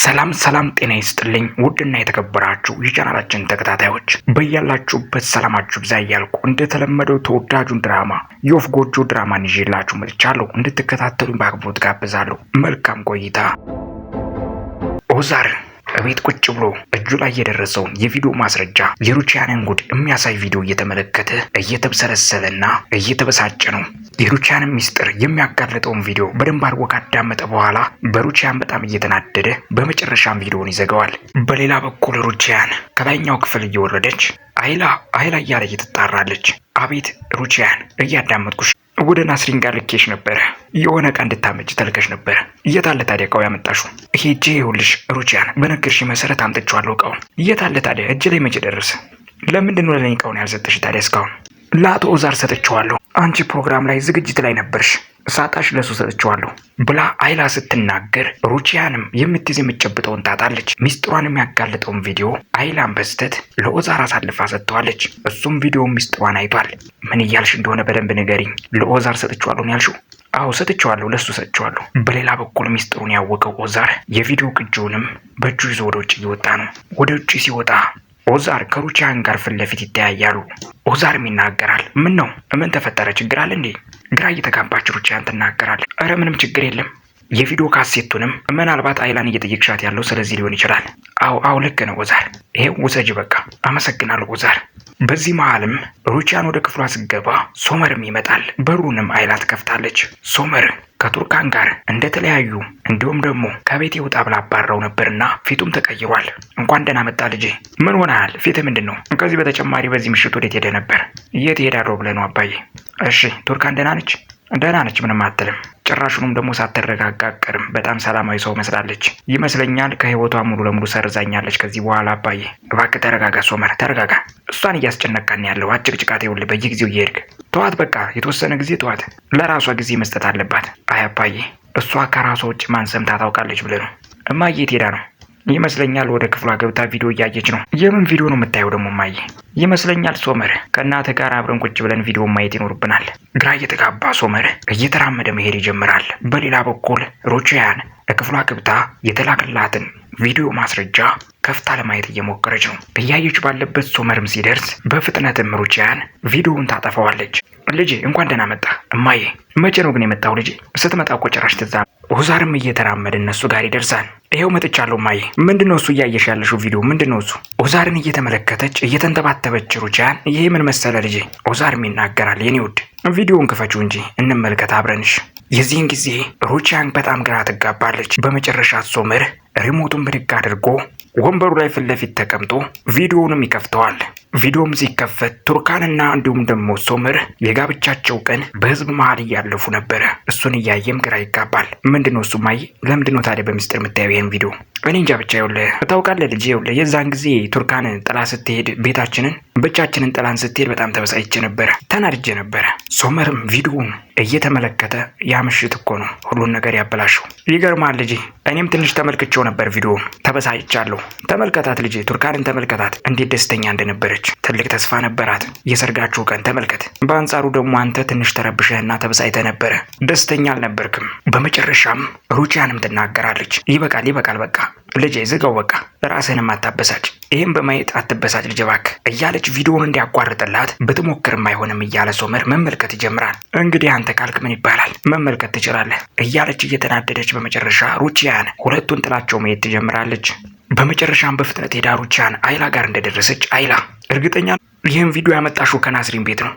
ሰላም ሰላም፣ ጤና ይስጥልኝ ውድና የተከበራችሁ የቻናላችን ተከታታዮች በያላችሁበት ሰላማችሁ ብዛ እያልኩ እንደተለመደው ተወዳጁን ድራማ የወፍ ጎጆ ድራማን ይዤላችሁ መጥቻለሁ። እንድትከታተሉኝ በአክብሮት ጋብዛለሁ። መልካም ቆይታ። ኦዛር እቤት ቁጭ ብሎ እጁ ላይ የደረሰውን የቪዲዮ ማስረጃ የሩቺያንን ጉድ የሚያሳይ ቪዲዮ እየተመለከተ እየተብሰለሰለና እየተበሳጨ ነው። የሩቺያንን ሚስጥር የሚያጋልጠውን ቪዲዮ በደንብ አድርጎ ካዳመጠ በኋላ በሩቺያን በጣም እየተናደደ በመጨረሻም ቪዲዮውን ይዘጋዋል። በሌላ በኩል ሩቺያን ከላይኛው ክፍል እየወረደች አይላ አይላ እያለ እየተጣራለች። አቤት ሩቺያን፣ እያዳመጥኩሽ ወደ ናስሪን ጋር ልኬሽ ነበረ። የሆነ ዕቃ እንድታመጭ ተልከሽ ነበረ። የታለ ታዲያ እቃው ያመጣሹ? ሄጄ ይኸውልሽ፣ ሩቺያን በነገርሽ መሰረት አምጥቼዋለሁ እቃውን። እየታለ ታዲያ እጅ ላይ መቼ ደረሰ? ለምንድን ነው ለእኔ እቃውን ያልሰጠሽ ታዲያ እስካሁን? ለአቶ ኦዛር ሰጥቼዋለሁ። አንቺ ፕሮግራም ላይ ዝግጅት ላይ ነበርሽ። ሳጣሽ ለሱ ሰጥቼዋለሁ ብላ አይላ ስትናገር ሩቺያንም የምትይዝ የምትጨብጠውን ታጣለች። ሚስጥሯን የሚያጋልጠውን ቪዲዮ አይላን በስተት ለኦዛር አሳልፋ ሰጥተዋለች። እሱም ቪዲዮ ሚስጥሯን አይቷል። ምን እያልሽ እንደሆነ በደንብ ንገሪኝ። ለኦዛር ሰጥቼዋለሁ ነው ያልሽው? አዎ ሰጥቼዋለሁ፣ ለሱ ሰጥቼዋለሁ። በሌላ በኩል ሚስጥሩን ያወቀው ኦዛር የቪዲዮ ቅጂውንም በእጁ ይዞ ወደ ውጭ እየወጣ ነው። ወደ ውጭ ሲወጣ ኦዛር ከሩቺያን ጋር ፊት ለፊት ይተያያሉ። ኦዛርም ይናገራል። ምን ነው? ምን ተፈጠረ? ችግር አለ እንዴ? ግራ እየተጋባች ሩቺያን ትናገራለች። እረ ምንም ችግር የለም የቪዲዮ ካሴቱንም ምናልባት አይላን እየጠየቅሻት ያለው ስለዚህ ሊሆን ይችላል። አው አው ልክ ነው ወዛር፣ ይሄ ውሰጅ በቃ። አመሰግናለሁ ወዛር። በዚህ መሀልም ሩቺያን ወደ ክፍሏ ስገባ ሶመርም ይመጣል። በሩንም አይላ ትከፍታለች። ሶመር ከቱርካን ጋር እንደተለያዩ እንዲሁም ደግሞ ከቤት ውጣ ብላ አባረው ነበርና ፊቱም ተቀይሯል። እንኳን ደህና መጣ ልጄ፣ ምን ሆነሃል? ፊትህ ምንድን ነው? ከዚህ በተጨማሪ በዚህ ምሽት ወዴት ሄደ ነበር? የት ሄዳለሁ ብለህ ነው አባዬ? እሺ ቱርካን ደህና ነች? ደህና ነች፣ ምንም አትልም። ጭራሹንም ደግሞ ሳትረጋጋ በጣም ሰላማዊ ሰው መስላለች ይመስለኛል። ከህይወቷ ሙሉ ለሙሉ ሰርዛኛለች። ከዚህ በኋላ አባዬ እባክህ ተረጋጋ፣ ሶመር ተረጋጋ። እሷን እያስጨነቃን ያለው አጭቅጭቃት ይኸውልህ፣ በየጊዜው እየሄድክ ተዋት፣ በቃ የተወሰነ ጊዜ ተዋት። ለራሷ ጊዜ መስጠት አለባት። አይ አባዬ፣ እሷ ከራሷ ውጭ ማን ሰምታ ታውቃለች ብለህ ነው? እማዬ ትሄዳ ነው ይመስለኛል ወደ ክፍሏ ገብታ ቪዲዮ እያየች ነው። የምን ቪዲዮ ነው የምታየው ደግሞ ማየ? ይመስለኛል ሶመር ከእናትህ ጋር አብረን ቁጭ ብለን ቪዲዮ ማየት ይኖርብናል። ግራ እየተጋባ ሶመር እየተራመደ መሄድ ይጀምራል። በሌላ በኩል ሮቺያን ክፍሏ ገብታ የተላከላትን ቪዲዮ ማስረጃ ከፍታ ለማየት እየሞከረች ነው። እያየች ባለበት ሶመርም ሲደርስ በፍጥነትም ሩቺያን ቪዲዮውን ታጠፋዋለች። ልጄ እንኳን ደህና መጣ። እማዬ መቼ ነው ግን የመጣው? ልጄ ስትመጣ እኮ ጭራሽ ትዛ ሁዛርም እየተራመደ እነሱ ጋር ይደርሳል። ይኸው መጥቻለሁ እማዬ። ምንድን ነው እሱ እያየሽ ያለሽው ቪዲዮ ምንድን ነው እሱ? ኦዛርን እየተመለከተች እየተንተባተበች ሩቺያን፣ ይሄ ምን መሰለ ልጄ፣ ኦዛርም ይናገራል። የኔ ውድ ቪዲዮውን ክፈችው እንጂ እንመልከት አብረንሽ። የዚህን ጊዜ ሩቺያን በጣም ግራ ትጋባለች። በመጨረሻ ሶመር ሪሞቱን ብድግ አድርጎ ወንበሩ ላይ ፊት ለፊት ተቀምጦ ቪዲዮውንም ይከፍተዋል። ቪዲዮም ሲከፈት ቱርካንና እንዲሁም ደግሞ ሶመር የጋብቻቸው ቀን በህዝብ መሀል እያለፉ ነበረ። እሱን እያየም ግራ ይጋባል። ምንድነው እሱ ማየ ለምንድነው ታዲያ በሚስጥር የምታየው ይህን ቪዲዮ? እኔ እንጃ ብቻ የውለ ታውቃለህ ልጅ የውለ የዛን ጊዜ ቱርካን ጥላ ስትሄድ ቤታችንን ብቻችንን ጥላን ስትሄድ በጣም ተበሳይቼ ነበረ፣ ተናድጄ ነበረ። ሶመርም ቪዲዮውን እየተመለከተ ያ ምሽት እኮ ነው ሁሉን ነገር ያበላሸው። ይገርማል ልጅ፣ እኔም ትንሽ ተመልክቼው ነበር ቪዲዮውን፣ ተበሳጭቻለሁ። ተመልከታት ልጅ፣ ቱርካንን ተመልከታት እንዴት ደስተኛ እንደነበረች ነበረች። ትልቅ ተስፋ ነበራት። የሰርጋችሁ ቀን ተመልከት። በአንጻሩ ደግሞ አንተ ትንሽ ተረብሸህና ተበሳይተህ ነበረ። ደስተኛ አልነበርክም። በመጨረሻም ሩቺያንም ትናገራለች። ይበቃል፣ ይበቃል፣ በቃ ልጄ ዝጋው፣ በቃ ራስህንም አታበሳጭ፣ ይህም በማየት አትበሳጭ ልጅ እባክህ እያለች ቪዲዮውን እንዲያቋርጥላት ብትሞክርም አይሆንም እያለ ሶመር መመልከት ይጀምራል። እንግዲህ አንተ ካልክ ምን ይባላል መመልከት ትችላለህ እያለች እየተናደደች በመጨረሻ ሩቺያን ሁለቱን ጥላቸው መሄድ ትጀምራለች። በመጨረሻም በፍጥነት ሄዳ ሩቺያን አይላ ጋር እንደደረሰች አይላ እርግጠኛ ይህን ቪዲዮ ያመጣሽው ከናስሪን ቤት ነው?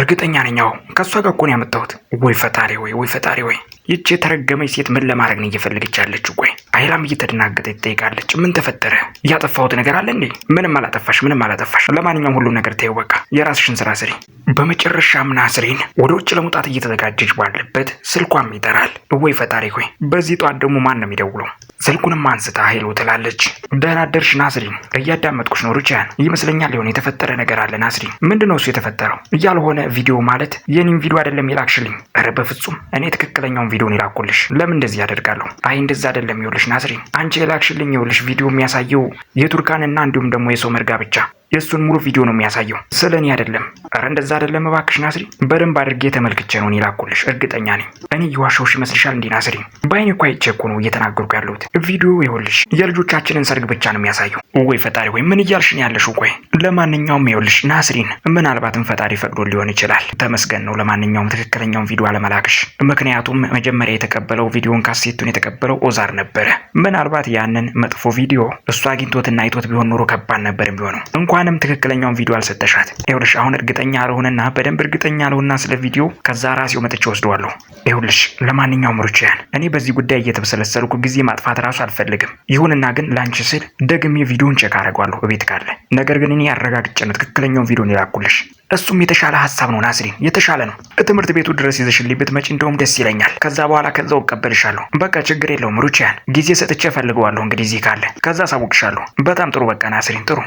እርግጠኛ ነኝ። አዎ ከእሷ ጋር እኮ ነው ያመጣሁት። ወይ ፈጣሪ ወይ ወይ ፈጣሪ ወይ ይቺ የተረገመች ሴት ምን ለማድረግ ነው እየፈለገች ያለችው? ቆይ አይላም እየተደናገጠ ትጠይቃለች። ምን ተፈጠረ? ያጠፋሁት ነገር አለ እንዴ? ምንም አላጠፋሽ፣ ምንም አላጠፋሽ። ለማንኛውም ሁሉ ነገር ተይው፣ በቃ የራስሽን ስራ ስሪ። በመጨረሻም ናስሬን ወደ ውጭ ለመውጣት እየተዘጋጀች ባለበት ስልኳም ይጠራል። እወይ ፈጣሪ ሆይ! በዚህ ጧት ደግሞ ማን ነው የሚደውለው? ስልኩንም አንስታ ሄሎ ትላለች። ደህና አደርሽ ናስሪን፣ እያዳመጥኩሽ ነው። ሩቺያን ይመስለኛል የሆነ የተፈጠረ ነገር አለ። ናስሪን፣ ምንድነው እሱ የተፈጠረው? ያልሆነ ቪዲዮ ማለት የኔም ቪዲዮ አይደለም ይላክሽልኝ? ኧረ በፍጹም እኔ ትክክለኛውን ቪዲዮን ይላኩልሽ። ለምን እንደዚህ ያደርጋለሁ? አይ እንደዚህ አይደለም። ይኸውልሽ ናስሪን፣ አንቺ የላክሽልኝ ይኸውልሽ ቪዲዮ የሚያሳየው የቱርካንና እንዲሁም ደግሞ የሶመር ጋብቻ የእሱን ሙሉ ቪዲዮ ነው የሚያሳየው፣ ስለ እኔ አይደለም። ኧረ እንደዛ አይደለም እባክሽ ናስሪ፣ በደንብ አድርጌ ተመልክቼ ነው ይላኩልሽ። እርግጠኛ ነኝ። እኔ እየዋሸሁሽ ይመስልሻል እንዴ ናስሪ? በአይኔ እኮ አይቼ እኮ ነው እየተናገርኩ ያለሁት። ቪዲዮ ይኸውልሽ የልጆቻችንን ሰርግ ብቻ ነው የሚያሳየው። ወይ ፈጣሪ፣ ወይ ምን እያልሽ ነው ያለሽው? ቆይ ለማንኛውም ይኸውልሽ ናስሪን፣ ምናልባትም ፈጣሪ ፈቅዶ ሊሆን ይችላል። ተመስገን ነው ለማንኛውም ትክክለኛውን ቪዲዮ አለመላክሽ። ምክንያቱም መጀመሪያ የተቀበለው ቪዲዮን ካሴቱን የተቀበለው ኦዛር ነበረ። ምናልባት ያንን መጥፎ ቪዲዮ እሱ አግኝቶትና አይቶት ቢሆን ኖሮ ከባድ ነበር የሚሆነው። እንኳንም ትክክለኛውን ቪዲዮ አልሰጠሻት። ይኸውልሽ አሁን እርግጠኛ አልሆንና በደንብ እርግጠኛ አልሆንና ስለ ቪዲዮ ከዛ ራሴው መጥቼ ወስደዋለሁ። ይኸውልሽ ለማንኛውም ሩችያን እኔ በዚህ ጉዳይ እየተብሰለሰልኩ ጊዜ ማጥፋት ራሱ አልፈልግም። ይሁንና ግን ላንቺ ስል ደግሜ ቪዲዮን ቼክ አደርገዋለሁ እቤት ካለ። ነገር ግን እኔ አረጋግጬ ትክክለኛውን ቪዲዮን የላኩልሽ። እሱም የተሻለ ሀሳብ ነው ናስሪን፣ የተሻለ ነው። ትምህርት ቤቱ ድረስ ይዘሽልኝ ብትመጪ እንደውም ደስ ይለኛል። ከዛ በኋላ ከዛው እቀበልሻለሁ። በቃ ችግር የለውም ሩቺያን፣ ጊዜ ሰጥቼ እፈልገዋለሁ። እንግዲህ እዚህ ካለ ከዛ ሳውቅሻለሁ። በጣም ጥሩ። በቃ ናስሪን፣ ጥሩ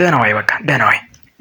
ደህናዋይ፣ በቃ ደህናዋይ።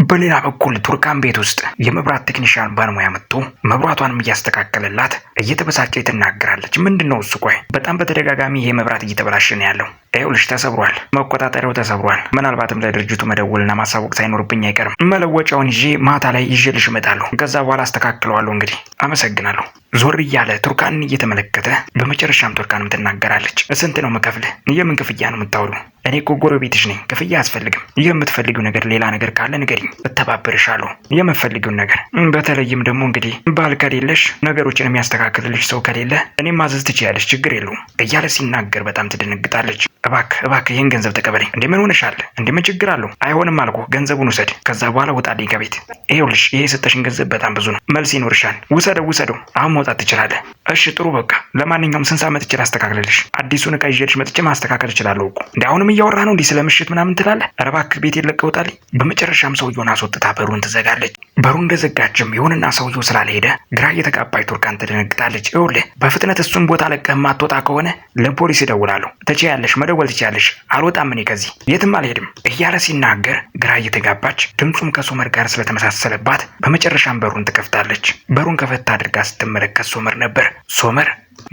በሌላ በኩል ቱርካን ቤት ውስጥ የመብራት ቴክኒሽያን ባለሙያ መጥቶ መብራቷንም እያስተካከለላት እየተበሳጨ ትናገራለች። ምንድን ነው እሱ? ቆይ በጣም በተደጋጋሚ ይሄ መብራት እየተበላሸ ነው ያለው ይኸውልሽ ተሰብሯል፣ መቆጣጠሪያው ተሰብሯል። ምናልባትም ለድርጅቱ መደወልና ማሳወቅ ሳይኖርብኝ አይቀርም። መለወጫውን ይዤ ማታ ላይ ይዤልሽ እመጣለሁ። ከዛ በኋላ አስተካክለዋለሁ። እንግዲህ አመሰግናለሁ። ዞር እያለ ቱርካንን እየተመለከተ በመጨረሻም ቱርካንም ትናገራለች። ስንት ነው መከፍልህ? የምን ክፍያ ነው የምታውሉ? እኔ እኮ ጎረቤትሽ ነኝ፣ ክፍያ አያስፈልግም። የምትፈልጊው ነገር ሌላ ነገር ካለ ንገሪኝ፣ እተባበርሻለሁ። የምትፈልጊውን ነገር በተለይም ደግሞ እንግዲህ ባል ከሌለሽ፣ ነገሮችን የሚያስተካክልልሽ ሰው ከሌለ እኔም ማዘዝ ትችያለሽ፣ ችግር የለውም እያለ ሲናገር በጣም ትደነግጣለች። እባክ እባክ ይህን ገንዘብ ተቀበለኝ። እንደምን ሆነሻል? እንደምን ችግር አለው? አይሆንም አልኩ። ገንዘቡን ውሰድ፣ ከዛ በኋላ ውጣልኝ ከቤት። ይኸውልሽ፣ ይሄ የሰጠሽን ገንዘብ በጣም ብዙ ነው፣ መልስ ይኖርሻል። ውሰደው፣ ውሰደው። አሁን መውጣት ትችላለህ። እሺ፣ ጥሩ በቃ። ለማንኛውም ስንት ሰዓት መጥቼ ላስተካክልልሽ? አዲሱን እቃ ይዤልሽ መጥቼ ማስተካከል እችላለሁ እኮ። እንደ አሁንም እያወራ ነው እንዲህ ስለ ምሽት ምናምን ትላለህ። ኧረ እባክህ ቤት የለቀህ ውጣልኝ። በመጨረሻም ሰውየውን አስወጥታ በሩን ትዘጋለች። በሩ እንደዘጋችም ይሁንና ሰውየው ስላልሄደ ግራ እየተጋባች ቱርካን ትደነግጣለች። ይኸውልህ፣ በፍጥነት እሱን ቦታ ለቀህ ማትወጣ ከሆነ ለፖሊስ እደውላለሁ። ትችያለሽ መደወል ትችላለሽ። አልወጣም እኔ ከዚህ የትም አልሄድም እያለ ሲናገር ግራ እየተጋባች ድምፁም ከሶመር ጋር ስለተመሳሰለባት በመጨረሻም በሩን ትከፍታለች። በሩን ከፈታ አድርጋ ስትመለከት ሶመር ነበር። ሶመር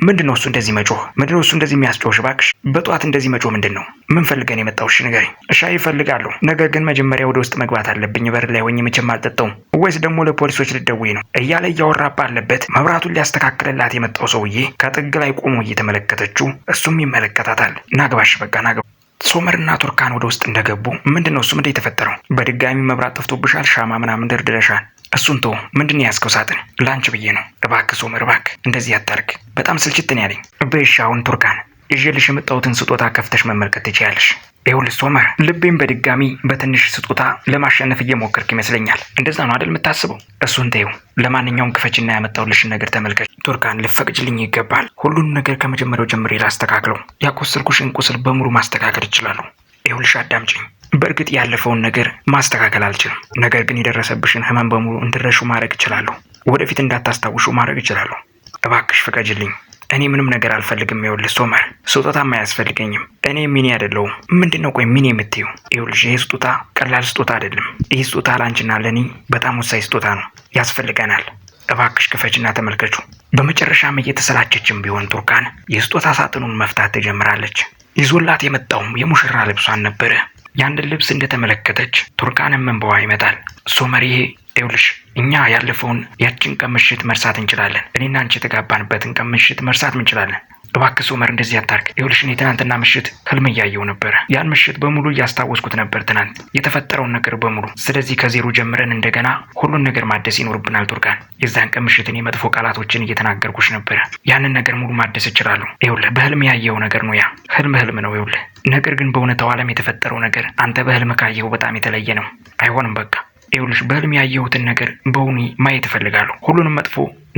ምንድን ነው እሱ እንደዚህ መጮህ? ምንድን ነው እሱ እንደዚህ የሚያስጮህ? እባክሽ በጠዋት እንደዚህ መጮህ ምንድን ነው? ምን ፈልገን የመጣው? እሺ ንገሪኝ። ሻይ እፈልጋለሁ፣ ነገር ግን መጀመሪያ ወደ ውስጥ መግባት አለብኝ። በር ላይ ሆኜ መቼም አልጠጣውም። ወይስ ደግሞ ለፖሊሶች ልደውይ ነው እያለ እያወራ ባለበት መብራቱን ሊያስተካክልላት የመጣው ሰውዬ ከጥግ ላይ ቆሞ እየተመለከተችው፣ እሱም ይመለከታታል። ናግባሽ በቃ ናግባ ሶመርና ቱርካን ወደ ውስጥ እንደገቡ ምንድን ነው እሱም እንደ የተፈጠረው? በድጋሚ መብራት ጠፍቶብሻል? ሻማ ምናምን ደርድረሻል? እሱን ተው። ምንድን የያዝከው ሳጥን? ላንች ብዬ ነው። እባክህ ሶመር እባክህ እንደዚህ አታርግ። በጣም ስልችትን ያለኝ። በሽ አሁን ቱርካን ይዤልሽ የመጣሁትን ስጦታ ከፍተሽ መመልከት ትችያለሽ። ይኸውልሽ ሶመር፣ ልቤን በድጋሚ በትንሽ ስጦታ ለማሸነፍ እየሞከርክ ይመስለኛል። እንደዛ ነው አደል የምታስበው? እሱን ተይው። ለማንኛውም ክፈችና ያመጣሁልሽን ነገር ተመልከች። ቱርካን፣ ልፈቅጅልኝ ይገባል። ሁሉንም ነገር ከመጀመሪያው ጀምሬ ላስተካክለው። ያቆሰልኩሽን ቁስል በሙሉ ማስተካከል እችላለሁ። ይኸውልሽ አዳምጪኝ በእርግጥ ያለፈውን ነገር ማስተካከል አልችልም። ነገር ግን የደረሰብሽን ህመም በሙሉ እንድረሹ ማድረግ እችላለሁ። ወደፊት እንዳታስታውሹ ማድረግ እችላለሁ። እባክሽ ፍቀጅልኝ። እኔ ምንም ነገር አልፈልግም። ይኸውልሽ ሶመር፣ ስጦታም አያስፈልገኝም። እኔ ሚኒ አይደለሁም። ምንድን ነው ቆይ ሚኒ የምትይው? ይኸውልሽ ይህ ስጦታ ቀላል ስጦታ አይደለም። ይህ ስጦታ ላንችና ለእኔ በጣም ወሳኝ ስጦታ ነው፣ ያስፈልገናል። እባክሽ ክፈችና ተመልከቹ። በመጨረሻም እየተሰላቸችም ቢሆን ቱርካን የስጦታ ሳጥኑን መፍታት ትጀምራለች። ይዞላት የመጣውም የሙሽራ ልብሷን ነበረ። ያንድ ልብስ እንደተመለከተች ቱርካንም እንባዋ ይመጣል ሶመር ይሄ ይውልሽ እኛ ያለፈውን ያችን ቀን ምሽት መርሳት እንችላለን። እኔና አንቺ የተጋባንበትን ቀን ምሽት መርሳት እንችላለን። እባክህ ሶመር እንደዚህ አታርግ። ይኸውልሽ እኔ ትናንትና ምሽት ህልም እያየው ነበረ። ያን ምሽት በሙሉ እያስታወስኩት ነበር፣ ትናንት የተፈጠረውን ነገር በሙሉ። ስለዚህ ከዜሮ ጀምረን እንደገና ሁሉን ነገር ማደስ ይኖርብናል። ቱርካን፣ የዛን ቀን ምሽት እኔ መጥፎ ቃላቶችን እየተናገርኩሽ ነበረ። ያንን ነገር ሙሉ ማደስ እችላለሁ። ይኸውልህ በህልም ያየው ነገር ነው። ያ ህልም ህልም ነው። ይኸውልህ ነገር ግን በእውነታው ዓለም የተፈጠረው ነገር አንተ በህልም ካየው በጣም የተለየ ነው። አይሆንም በቃ ይኸውልሽ በህልም ያየሁትን ነገር በውኒ ማየት እፈልጋለሁ። ሁሉንም መጥፎ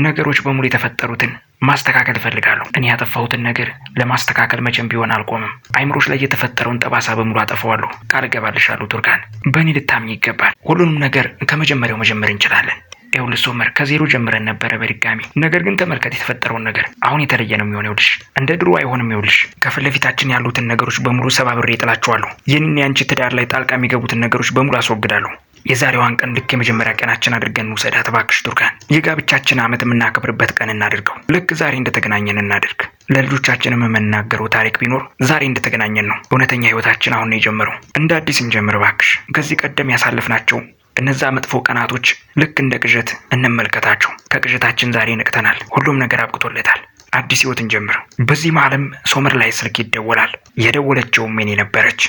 ነገሮች በሙሉ የተፈጠሩትን ማስተካከል እፈልጋለሁ። እኔ ያጠፋሁትን ነገር ለማስተካከል መቼም ቢሆን አልቆምም። አይምሮች ላይ የተፈጠረውን ጠባሳ በሙሉ አጠፋዋለሁ። ቃል እገባልሻለሁ ቱርካን፣ በእኔ ልታምኝ ይገባል። ሁሉንም ነገር ከመጀመሪያው መጀመር እንችላለን። ይኸውልሽ ሶመር ከዜሮ ጀምረን ነበረ በድጋሚ ነገር ግን ተመልከት የተፈጠረውን ነገር አሁን የተለየ ነው የሚሆን ይኸውልሽ እንደ ድሮ አይሆንም ይኸውልሽ ከፊት ለፊታችን ያሉትን ነገሮች በሙሉ ሰባብሬ እጥላቸዋለሁ ይህንን የአንቺ ትዳር ላይ ጣልቃ የሚገቡትን ነገሮች በሙሉ አስወግዳለሁ የዛሬዋን ቀን ልክ የመጀመሪያ ቀናችን አድርገን እንውሰዳት እባክሽ ቱርካን። የጋብቻችን ዓመት የምናከብርበት ቀን እናድርገው። ልክ ዛሬ እንደተገናኘን እናድርግ። ለልጆቻችንም የምናገረው ታሪክ ቢኖር ዛሬ እንደተገናኘን ነው። እውነተኛ ህይወታችን አሁን ነው የጀመረው። እንደ አዲስ እንጀምር እባክሽ። ከዚህ ቀደም ያሳለፍናቸው እነዛ መጥፎ ቀናቶች ልክ እንደ ቅዠት እንመልከታቸው። ከቅዠታችን ዛሬ ንቅተናል። ሁሉም ነገር አብቅቶለታል። አዲስ ህይወት እንጀምር። በዚህ መሃልም ሶመር ላይ ስልክ ይደወላል። የደወለችውም እኔ ነበረች።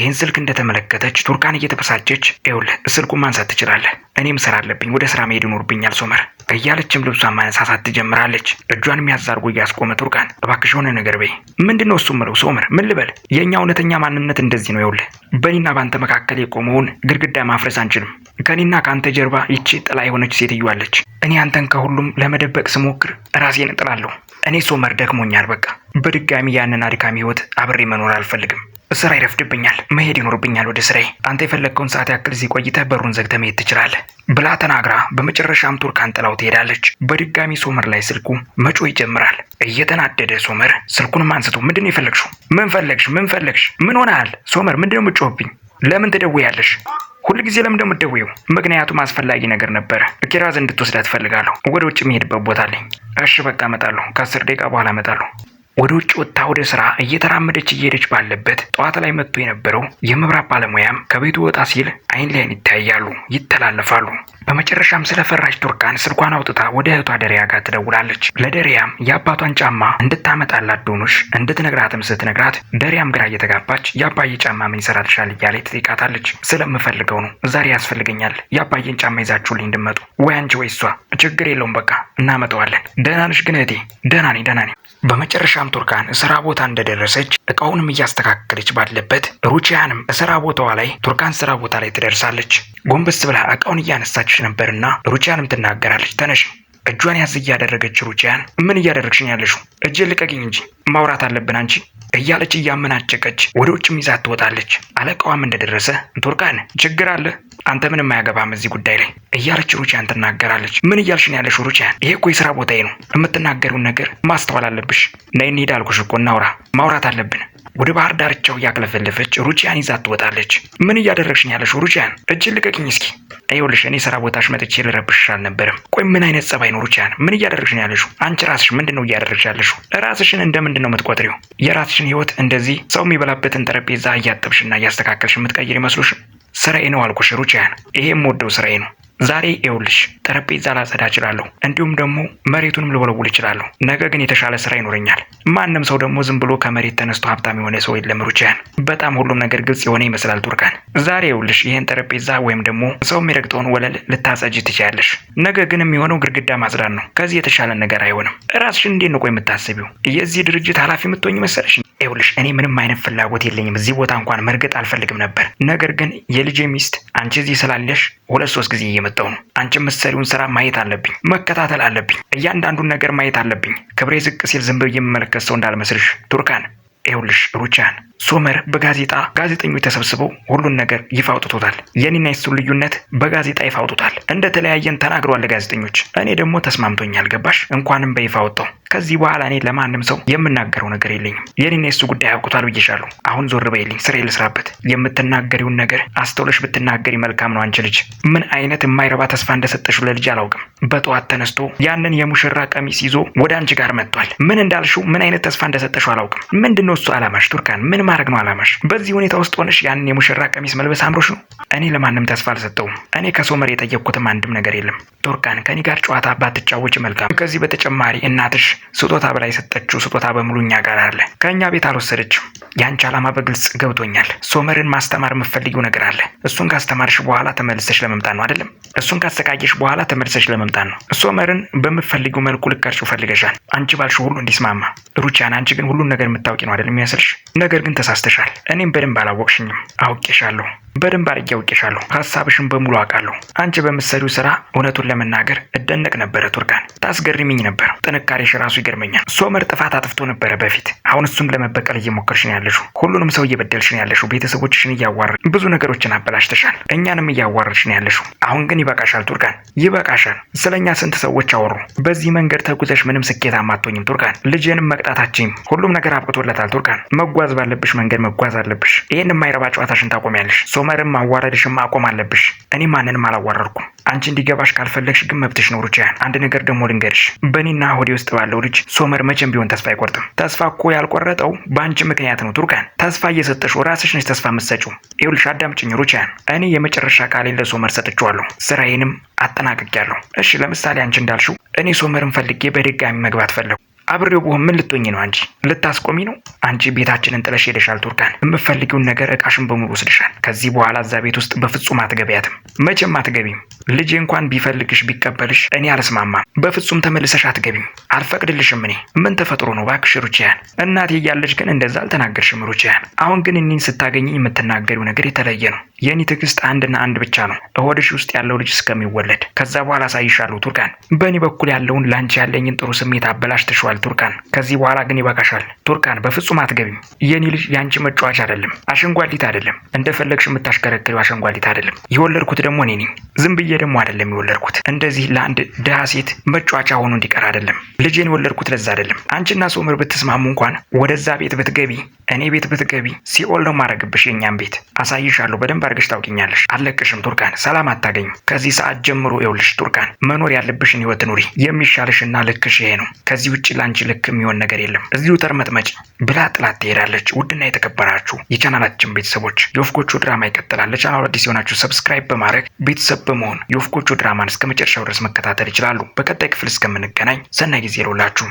ይህን ስልክ እንደተመለከተች ቱርካን እየተበሳጨች ይኸውልህ ስልኩን ማንሳት ትችላለህ፣ እኔም ስራ አለብኝ፣ ወደ ስራ መሄድ ይኖርብኛል ሶመር እያለችም ልብሷን ማነሳሳት ትጀምራለች። እጇን የሚያዛርጉ እያስቆመ ቱርካን እባክሽ የሆነ ነገር በይ። ምንድን ነው እሱ ምለው ሶመር፣ ምን ልበል? የእኛ እውነተኛ ማንነት እንደዚህ ነው። ይኸውልህ በእኔና በአንተ መካከል የቆመውን ግድግዳ ማፍረስ አንችልም። ከኔና ከአንተ ጀርባ ይቺ ጥላ የሆነች ሴትዮ አለች። እኔ አንተን ከሁሉም ለመደበቅ ስሞክር ራሴን እጥላለሁ። እኔ ሶመር ደክሞኛል። በቃ በድጋሚ ያንን አድካሚ ህይወት አብሬ መኖር አልፈልግም። ስራ ይረፍድብኛል፣ መሄድ ይኖርብኛል ወደ ስራዬ። አንተ የፈለግከውን ሰዓት ያክል እዚህ ቆይተህ በሩን ዘግተህ መሄድ ትችላለህ ብላ ተናግራ በመጨረሻም ቱርካን ጥላው ትሄዳለች። በድጋሚ ሶመር ላይ ስልኩ መጮ ይጀምራል። እየተናደደ ሶመር ስልኩንም አንስቶ ምንድን ነው የፈለግሽው? ምን ፈለግሽ? ምን ፈለግሽ? ምን ሆነሃል? ሶመር ምንድን ነው የምጮህብኝ? ለምን ትደውያለሽ? ጊዜ ለምን ደግሞ ደውየው? ምክንያቱም አስፈላጊ ነገር ነበረ። ኪራዝ እንድትወስዳ ትፈልጋለሁ። ወደ ውጭ የሚሄድበት ቦታ አለኝ። እሺ በቃ እመጣለሁ። ከአስር ደቂቃ በኋላ እመጣለሁ። ወደ ውጭ ወጥታ ወደ ስራ እየተራመደች እየሄደች ባለበት ጠዋት ላይ መጥቶ የነበረው የመብራት ባለሙያም ከቤቱ ወጣ ሲል አይን ላይን ይታያሉ ይተላለፋሉ። በመጨረሻም ስለፈራች ቱርካን ስልኳን አውጥታ ወደ እህቷ ደሪያ ጋር ትደውላለች። ለደሪያም የአባቷን ጫማ እንድታመጣላት ዶኖሽ እንድትነግራትም ስትነግራት ደሪያም ግራ እየተጋባች የአባዬ ጫማ ምን ይሰራልሻል እያለ ትጠይቃታለች። ስለምፈልገው ነው ዛሬ ያስፈልገኛል። የአባዬን ጫማ ይዛችሁልኝ እንድመጡ ወይ አንቺ ወይ እሷ። ችግር የለውም በቃ እናመጣዋለን። ደህና ነሽ ግን እህቴ? ደህና ነኝ ደህና ነኝ በመጨረሻም ቱርካን ስራ ቦታ እንደደረሰች እቃውንም እያስተካከለች ባለበት ሩቺያንም ስራ ቦታዋ ላይ ቱርካን ስራ ቦታ ላይ ትደርሳለች። ጎንበስ ብላ እቃውን እያነሳች ነበርና ሩቺያንም ትናገራለች፣ ተነሽ እጇን ያዝ እያደረገች ሩቺያን ምን እያደረግሽኝ ያለሽው? እጄን ልቀቅኝ እንጂ ማውራት አለብን አንቺ እያለች እያመናጨቀች ወደ ውጭም ይዛት ትወጣለች። አለቃዋም እንደደረሰ ቱርካን ችግር አለ አንተ ምንም አያገባም እዚህ ጉዳይ ላይ እያለች ሩቺያን ትናገራለች። ምን እያልሽ ነው ያለሽው ሩቺያን? ይሄ እኮ የስራ ቦታዬ ነው። የምትናገሪውን ነገር ማስተዋል አለብሽ። ነይ እንሂድ አልኩሽ እኮ እናውራ፣ ማውራት አለብን ወደ ባህር ዳርቻው ያቅለፈለፈች ሩቺያን ይዛ ትወጣለች። ምን እያደረግሽ ነው ያለሽ? ሩቺያን እጅን ልቀቅኝ እስኪ። ይኸውልሽ እኔ ስራ ቦታሽ መጥቼ ልረብሽ አልነበረም። ቆይ ምን አይነት ጸባይ ነው? ሩቺያን ምን እያደረግሽ ነው ያለሽ? አንቺ ራስሽ ምንድን ነው እያደረግሽ ያለሽው? ራስሽን እንደ ምንድን ነው የምትቆጥሪው? የራስሽን ህይወት እንደዚህ ሰው የሚበላበትን ጠረጴዛ እያጠብሽና እያስተካከልሽ የምትቀይር ይመስሉሽ? ስራዬ ነው አልኩሽ ሩቺያን። ይሄ የምወደው ስራዬ ነው። ዛሬ ይኸውልሽ ጠረጴዛ ላጸዳ እችላለሁ፣ እንዲሁም ደግሞ መሬቱንም ልወለውል እችላለሁ። ነገ ግን የተሻለ ስራ ይኖረኛል። ማንም ሰው ደግሞ ዝም ብሎ ከመሬት ተነስቶ ሀብታም የሆነ ሰው የለም። ሩችያን፣ በጣም ሁሉም ነገር ግልጽ የሆነ ይመስላል። ቱርካን፣ ዛሬ ይኸውልሽ ይህን ጠረጴዛ ወይም ደግሞ ሰው የሚረግጠውን ወለል ልታጸጂ ትችያለሽ። ነገ ግን የሚሆነው ግድግዳ ማጽዳት ነው። ከዚህ የተሻለ ነገር አይሆንም። ራስሽን እንዴት ነው ቆይ የምታስቢው? የዚህ ድርጅት ኃላፊ የምትሆኝ መሰለሽ? ይኸውልሽ እኔ ምንም አይነት ፍላጎት የለኝም። እዚህ ቦታ እንኳን መርገጥ አልፈልግም ነበር። ነገር ግን የልጄ ሚስት አንቺ እዚህ ስላለሽ ሁለት ሶስት ጊዜ እየመጣው ነው። አንቺ ምሰሪውን ስራ ማየት አለብኝ፣ መከታተል አለብኝ፣ እያንዳንዱን ነገር ማየት አለብኝ። ክብሬ ዝቅ ሲል ዝም ብዬ የምመለከት ሰው እንዳልመስልሽ ቱርካን። ይኸውልሽ ሩቻን፣ ሶመር በጋዜጣ ጋዜጠኞች ተሰብስበው ሁሉን ነገር ይፋ አውጥቶታል። የኔና የሱን ልዩነት በጋዜጣ ይፋ አውጥቷል። ተለያየን ተናግሯል ለጋዜጠኞች። እኔ ደግሞ ተስማምቶኛል። ገባሽ? እንኳንም በይፋ አወጣው። ከዚህ በኋላ እኔ ለማንም ሰው የምናገረው ነገር የለኝም። የኔና የሱ ጉዳይ አብቅቷል ብዬሻለሁ። አሁን ዞር በይልኝ፣ ስራ ልስራበት። የምትናገሪውን ነገር አስተውለሽ ብትናገሪ መልካም ነው። አንቺ ልጅ ምን አይነት የማይረባ ተስፋ እንደሰጠሽው ለልጅ አላውቅም። በጠዋት ተነስቶ ያንን የሙሽራ ቀሚስ ይዞ ወደ አንቺ ጋር መጥቷል። ምን እንዳልሽው፣ ምን አይነት ተስፋ እንደሰጠሽው አላውቅም። ምንድን ነው እሱ አላማሽ? ቱርካን፣ ምን ማድረግ ነው አላማሽ? በዚህ ሁኔታ ውስጥ ሆነሽ ያንን የሙሽራ ቀሚስ መልበስ አምሮሽ ነው? እኔ ለማንም ተስፋ አልሰጠውም። እኔ ከሶመር የጠየቅኩትም አንድም ነገር የለም። ቱርካን፣ ከኔ ጋር ጨዋታ ባትጫወች መልካም። ከዚህ በተጨማሪ እናትሽ ስጦታ ብላ የሰጠችው ስጦታ በሙሉ እኛ ጋር አለ። ከእኛ ቤት አልወሰደችም። የአንቺ ዓላማ በግልጽ ገብቶኛል። ሶመርን ማስተማር የምፈልጊው ነገር አለ። እሱን ካስተማርሽ በኋላ ተመልሰሽ ለመምጣት ነው አይደለም? እሱን ካሰቃየሽ በኋላ ተመልሰሽ ለመምጣት ነው። ሶመርን በምፈልጊው መልኩ ልከርሽው ፈልገሻል። አንቺ ባልሽ ሁሉ እንዲስማማ። ሩቺያን፣ አንቺ ግን ሁሉን ነገር የምታውቂ ነው አይደለም የሚመስልሽ? ነገር ግን ተሳስተሻል። እኔም በደንብ አላወቅሽኝም። አውቄሻለሁ። በደንብ አድርጌ አውቄሻለሁ። ሀሳብሽን በሙሉ አውቃለሁ። አንቺ በምትሰሪው ስራ እውነቱን ለመናገር እደነቅ ነበረ። ቱርካን ታስገርሚኝ ነበር። ጥንካሬሽ ራሱ ይገርመኛል። ሶመር ጥፋት አጥፍቶ ነበረ በፊት። አሁን እሱን ለመበቀል እየሞከርሽ ነው ያለሽው። ሁሉንም ሰው እየበደልሽ ነው ያለሽው። ቤተሰቦችሽን እያዋረ ብዙ ነገሮችን አበላሽተሻል። እኛንም እያዋረድሽ ነው ያለሽው። አሁን ግን ይበቃሻል ቱርካን፣ ይበቃሻል። ስለ እኛ ስንት ሰዎች አወሩ። በዚህ መንገድ ተጉዘሽ ምንም ስኬት አማቶኝም ቱርካን። ልጅንም መቅጣታችም ሁሉም ነገር አብቅቶለታል ቱርካን። መጓዝ ባለብሽ መንገድ መጓዝ አለብሽ። ይህን የማይረባ ጨዋታሽን ታቆሚያለሽ። ኡመርን ማዋረድሽ ማቆም አለብሽ። እኔ ማንንም አላዋረድኩም። አንቺ እንዲገባሽ ካልፈለግሽ ግን መብትሽ ነው ሩችያን። አንድ ነገር ደግሞ ልንገርሽ፣ በእኔና ሆዴ ውስጥ ባለው ልጅ ሶመር መቼም ቢሆን ተስፋ አይቆርጥም። ተስፋ እኮ ያልቆረጠው በአንቺ ምክንያት ነው ቱርካን። ተስፋ እየሰጠሽው ራስሽ ነች ተስፋ የምትሰጪው። ይኸውልሽ፣ አዳምጪኝ ሩችያን፣ እኔ የመጨረሻ ቃሌን ለሶመር ሰጥቼዋለሁ። ስራዬንም አጠናቅቄያለሁ። እሺ፣ ለምሳሌ አንቺ እንዳልሽው እኔ ሶመርን ፈልጌ በድጋሚ መግባት ፈለጉ አብሬው ብሆን ምን ልትሆኝ ነው አንቺ? ልታስቆሚ ነው አንቺ? ቤታችንን ጥለሽ ሄደሻል ቱርካን። የምፈልጊውን ነገር እቃሽን በሙሉ ወስደሻል። ከዚህ በኋላ እዛ ቤት ውስጥ በፍጹም አትገቢያትም፣ መቼም አትገቢም። ልጄ እንኳን ቢፈልግሽ ቢቀበልሽ እኔ አልስማማም። በፍጹም ተመልሰሽ አትገቢም፣ አልፈቅድልሽም። እኔ ምን ተፈጥሮ ነው እባክሽ ሩችያን። እናቴ እያለች ግን እንደዛ አልተናገርሽም ሩችያን። አሁን ግን እኔን ስታገኝ የምትናገሪው ነገር የተለየ ነው። የኔ ትዕግስት አንድና አንድ ብቻ ነው፣ እሆድሽ ውስጥ ያለው ልጅ እስከሚወለድ። ከዛ በኋላ አሳይሻለሁ ቱርካን። በእኔ በኩል ያለውን ላንቺ ያለኝን ጥሩ ስሜት አበላሽ ትሸዋል ብሏል ቱርካን። ከዚህ በኋላ ግን ይበቃሻል ቱርካን፣ በፍጹም አትገቢም። የኔ ልጅ የአንቺ መጫወቻ አይደለም፣ አሸንጓሊት አይደለም፣ እንደፈለግሽ የምታሽከረክሪው አሸንጓሊት አይደለም። የወለድኩት ደግሞ እኔ ነኝ። ዝም ብዬ ደግሞ አይደለም የወለድኩት። እንደዚህ ለአንድ ድሃ ሴት መጫወቻ ሆኖ እንዲቀር አይደለም። ልጄን የወለድኩት ለዛ አይደለም። አንቺና ሶምር ብትስማሙ እንኳን ወደዛ ቤት ብትገቢ፣ እኔ ቤት ብትገቢ፣ ሲኦል ነው ማድረግብሽ። የእኛም ቤት አሳይሻለሁ። በደንብ አድርገሽ ታውቂኛለሽ። አለቅሽም ቱርካን፣ ሰላም አታገኝ ከዚህ ሰዓት ጀምሮ ይኸውልሽ ቱርካን፣ መኖር ያለብሽን ህይወት ኑሪ። የሚሻልሽና ልክሽ ይሄ ነው። ከዚህ ውጭ በአንቺ ልክ የሚሆን ነገር የለም፣ እዚሁ ተርመጥመጭ ብላ ጥላት ትሄዳለች። ውድና የተከበራችሁ የቻናላችን ቤተሰቦች የወፍ ጎጆ ድራማ ይቀጥላል። ለቻናሉ አዲስ የሆናችሁ ሰብስክራይብ በማድረግ ቤተሰብ በመሆን የወፍ ጎጆ ድራማን እስከ መጨረሻው ድረስ መከታተል ይችላሉ። በቀጣይ ክፍል እስከምንገናኝ ሰናይ ጊዜ ይሉላችሁ።